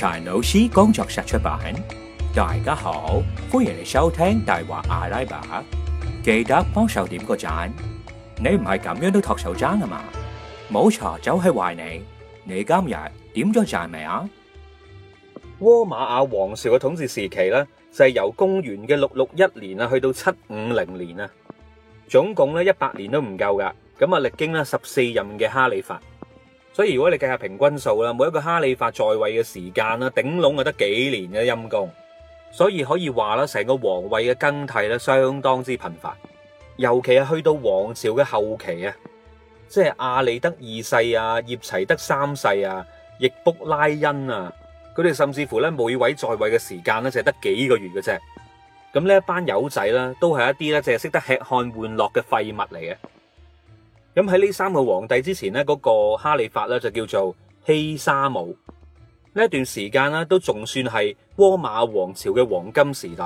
柴老師工作室出版。大家好，歡迎收聽《大話阿拉伯》。記得幫手點個讚，你唔係咁樣都托手踭啊嘛？冇錯，就係壞你。你今日點咗讚未啊？倭馬亞王朝嘅統治時期咧，就係由公元嘅六六一年啊，去到七五零年啊，總共咧一百年都唔夠噶。咁啊，歷經咧十四任嘅哈里發。所以如果你計下平均數啦，每一個哈里法在位嘅時間啦，頂籠啊得幾年嘅陰公，所以可以話啦，成個皇位嘅更替咧，相當之頻繁。尤其係去到王朝嘅後期啊，即係阿里德二世啊、葉齊德三世啊、易卜拉欣，啊，佢哋甚至乎咧每位在位嘅時間咧，就係得幾個月嘅啫。咁呢一班友仔咧，都係一啲咧，淨係識得吃喝玩樂嘅廢物嚟嘅。咁喺呢三個皇帝之前呢，嗰個哈利法咧就叫做希沙姆。呢一段時間呢，都仲算係倭馬王朝嘅黃金時代。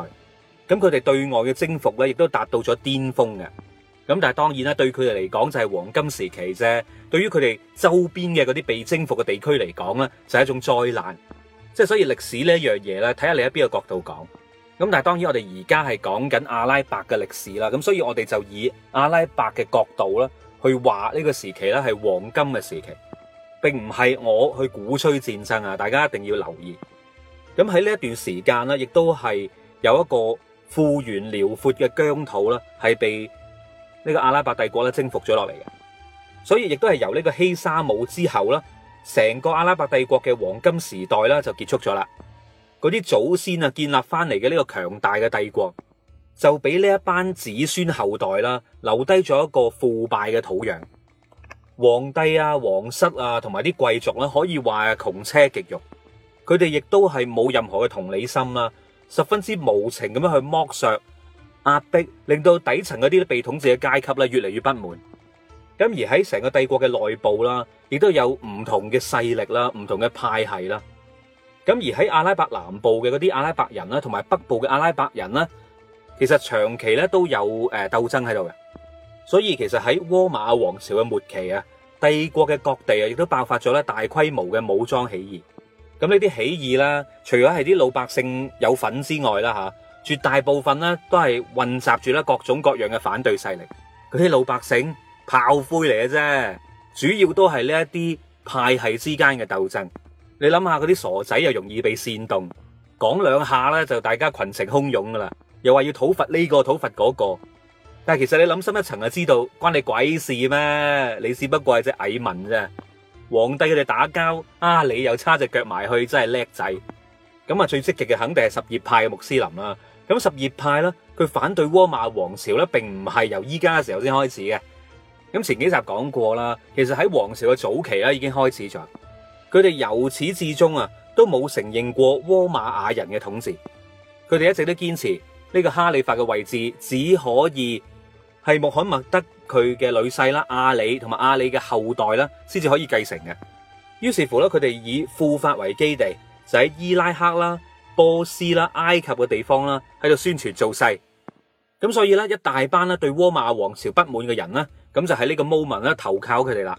咁佢哋對外嘅征服呢，亦都達到咗巔峰嘅。咁但係當然啦，對佢哋嚟講就係黃金時期啫。對於佢哋周邊嘅嗰啲被征服嘅地區嚟講呢就係一種災難。即係所以歷史呢一樣嘢，呢，睇下你喺邊個角度講。咁但係當然我哋而家係講緊阿拉伯嘅歷史啦。咁所以我哋就以阿拉伯嘅角度啦。去話呢個時期咧係黃金嘅時期，並唔係我去鼓吹戰爭啊！大家一定要留意。咁喺呢一段時間呢，亦都係有一個幅員遼闊嘅疆土啦，係被呢個阿拉伯帝國咧征服咗落嚟嘅。所以亦都係由呢個希沙姆之後啦，成個阿拉伯帝國嘅黃金時代啦就結束咗啦。嗰啲祖先啊建立翻嚟嘅呢個強大嘅帝國。就俾呢一班子孫後代啦，留低咗一個腐敗嘅土壤。皇帝啊、皇室啊，同埋啲貴族咧，可以話係窮奢極欲。佢哋亦都係冇任何嘅同理心啦，十分之無情咁樣去剝削、壓迫，令到底層嗰啲被統治嘅階級咧，越嚟越不滿。咁而喺成個帝國嘅內部啦，亦都有唔同嘅勢力啦、唔同嘅派系啦。咁而喺阿拉伯南部嘅嗰啲阿拉伯人啦，同埋北部嘅阿拉伯人啦。其實長期咧都有誒鬥爭喺度嘅，所以其實喺倭瑪亞王朝嘅末期啊，帝國嘅各地啊亦都爆發咗咧大規模嘅武裝起義。咁呢啲起義啦，除咗係啲老百姓有份之外啦，吓絕大部分呢都係混雜住啦各種各樣嘅反對勢力。嗰啲老百姓炮灰嚟嘅啫，主要都係呢一啲派系之間嘅鬥爭。你諗下嗰啲傻仔又容易被煽動，講兩下咧就大家群情洶湧噶啦。又話要討伐呢個討伐嗰個，但係其實你諗深一層啊，知道關你鬼事咩？你只不過係隻蟻民啫。皇帝佢哋打交啊，你又叉隻腳埋去，真係叻仔咁啊！最積極嘅肯定係什葉派嘅穆斯林啦。咁什葉派咧，佢反對倭馬皇朝咧，並唔係由依家嘅時候先開始嘅。咁前幾集講過啦，其實喺皇朝嘅早期咧已經開始咗。佢哋由始至終啊，都冇承認過倭馬亞人嘅統治，佢哋一直都堅持。呢個哈里發嘅位置只可以係穆罕默德佢嘅女婿啦、阿里同埋阿里嘅後代啦，先至可以繼承嘅。於是乎咧，佢哋以庫法為基地，就喺伊拉克啦、波斯啦、埃及嘅地方啦，喺度宣傳造勢。咁所以咧，一大班咧對倭馬皇朝不滿嘅人咧，咁就喺呢個 moment 啦投靠佢哋啦。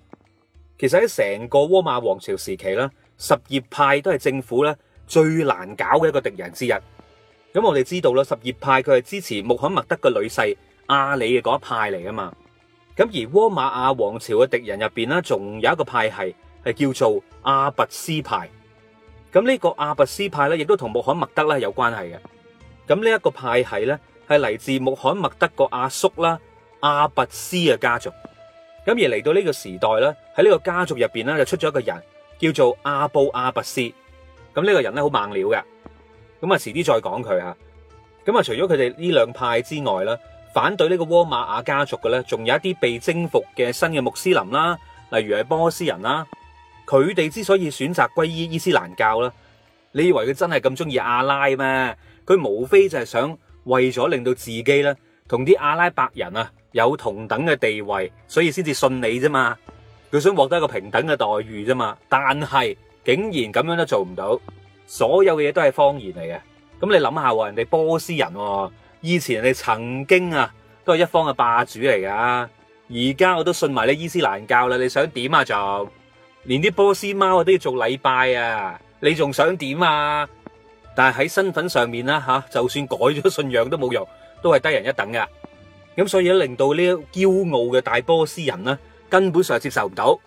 其實喺成個倭馬皇朝時期咧，什葉派都係政府咧最難搞嘅一個敵人之一。咁我哋知道啦，什葉派佢係支持穆罕默德個女婿阿里嘅嗰一派嚟噶嘛？咁而倭馬亞王朝嘅敵人入邊呢，仲有一個派系係叫做阿拔斯派。咁呢個阿拔斯派咧，亦都同穆罕默德啦有關係嘅。咁呢一個派系呢，係嚟自穆罕默德個阿叔啦阿拔斯嘅家族。咁而嚟到呢個時代呢，喺呢個家族入邊呢，就出咗一個人叫做阿布阿拔斯。咁呢個人咧好猛料嘅。咁啊，遲啲再講佢啊。咁啊，除咗佢哋呢兩派之外啦，反對呢個倭瑪亞家族嘅咧，仲有一啲被征服嘅新嘅穆斯林啦，例如係波斯人啦。佢哋之所以選擇歸依伊斯蘭教啦，你以為佢真係咁中意阿拉咩？佢無非就係想為咗令到自己咧同啲阿拉伯人啊有同等嘅地位，所以先至信你啫嘛。佢想獲得一個平等嘅待遇啫嘛。但係竟然咁樣都做唔到。所有嘅嘢都係方言嚟嘅，咁你諗下喎，人哋波斯人喎，啊，以前人哋曾經啊，都係一方嘅霸主嚟噶，而家我都信埋你伊斯蘭教啦，你想點啊就？就連啲波斯貓我都要做禮拜啊，你仲想點啊？但係喺身份上面啦，吓、啊、就算改咗信仰都冇用，都係低人一等噶，咁所以咧、啊、令到呢啲驕傲嘅大波斯人呢、啊，根本上係接受唔到，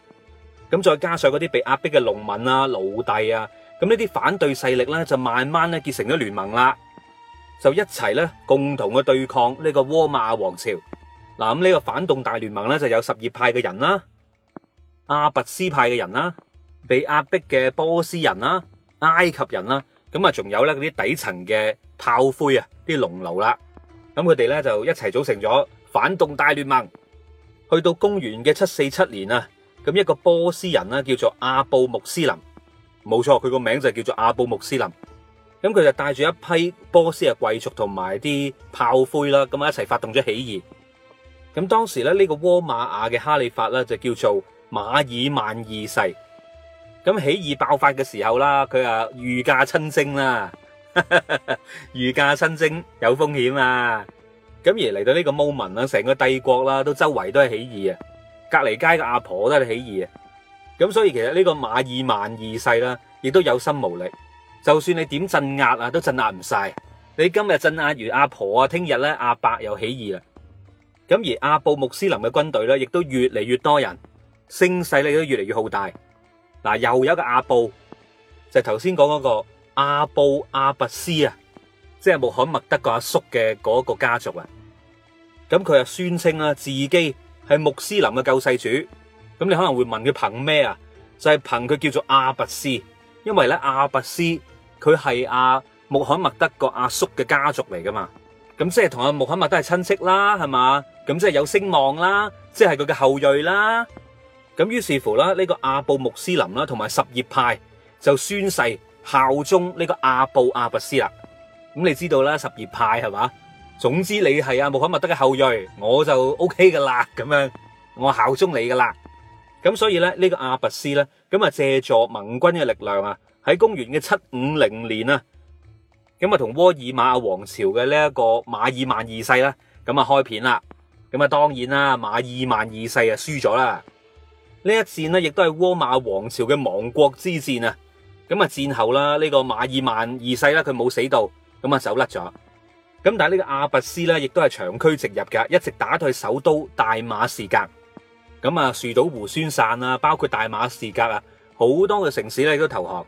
咁再加上嗰啲被壓迫嘅農民啊、奴隸啊。咁呢啲反對勢力咧，就慢慢咧結成咗聯盟啦，就一齊咧共同去對抗呢個倭馬王朝。嗱，咁呢個反動大聯盟咧，就有什葉派嘅人啦、阿拔斯派嘅人啦、被壓迫嘅波斯人啦、埃及人啦，咁啊仲有咧啲底層嘅炮灰啊，啲農奴啦，咁佢哋咧就一齊組成咗反動大聯盟。去到公元嘅七四七年啊，咁一個波斯人呢，叫做阿布穆斯林。冇錯，佢個名就叫做阿布穆斯林，咁佢就帶住一批波斯嘅貴族同埋啲炮灰啦，咁啊一齊發動咗起義。咁當時咧呢個倭瑪亞嘅哈里發啦就叫做馬爾曼二世。咁起義爆發嘅時候啦，佢啊御駕親征啦，御 駕親征有風險啊。咁而嚟到呢個 moment 啊，成個帝國啦都周圍都係起義啊，隔籬街嘅阿婆都係起義啊。咁所以其實呢個馬爾萬二世啦，亦都有心無力。就算你點鎮壓啊，都鎮壓唔晒。你今日鎮壓完阿婆啊，聽日咧阿伯又起義啦。咁而阿布穆斯林嘅軍隊咧，亦都越嚟越多人，聲勢咧都越嚟越浩大。嗱，又有一個阿布就係頭先講嗰個阿布阿拔斯啊，即係穆罕默德個阿叔嘅嗰個家族啊。咁佢啊宣稱啊自己係穆斯林嘅救世主。咁你可能會問佢憑咩啊？就係、是、憑佢叫做阿拔斯，因為咧阿拔斯佢係阿穆罕默德個阿、啊、叔嘅家族嚟噶嘛。咁即係同阿穆罕默德係親戚啦，係嘛？咁即係有聲望啦，即係佢嘅後裔啦。咁於是乎啦，呢、這個阿布穆斯林啦、啊，同埋什葉派就宣誓效忠呢個阿布阿拔斯啦。咁你知道啦，什葉派係嘛？總之你係阿、啊、穆罕默德嘅後裔，我就 OK 噶啦，咁樣我效忠你噶啦。咁所以咧，呢個阿拔斯咧，咁啊，借助盟軍嘅力量啊，喺公元嘅七五零年啊，咁啊，同倭瑪亞皇朝嘅呢一個馬爾萬二世啦，咁啊，開片啦，咁啊，當然啦，馬爾萬二世啊，輸咗啦。呢一戰呢，亦都係倭瑪亞皇朝嘅亡國之戰啊。咁啊，戰後啦，呢個馬爾萬二世啦，佢冇死到，咁啊，走甩咗。咁但係呢個阿拔斯咧，亦都係長驅直入嘅，一直打到首都大馬士革。咁啊，樹倒猢猻散啦，包括大馬士革啊，好多嘅城市咧都投降。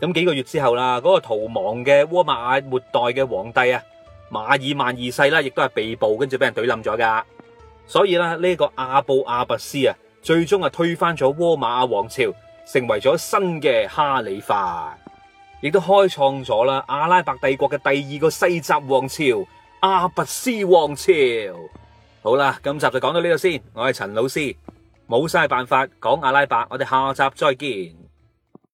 咁幾個月之後啦，嗰個逃亡嘅倭瑪亞末代嘅皇帝啊，馬爾萬二世啦，亦都係被捕，跟住俾人懟冧咗噶。所以啦，呢個阿布阿拔斯啊，最終啊推翻咗倭瑪亞王朝，成為咗新嘅哈里發，亦都開創咗啦阿拉伯帝國嘅第二個世襲王朝——阿拔斯王朝。好啦，今集就講到呢度先。我係陳老師，冇晒辦法講阿拉伯，我哋下集再見。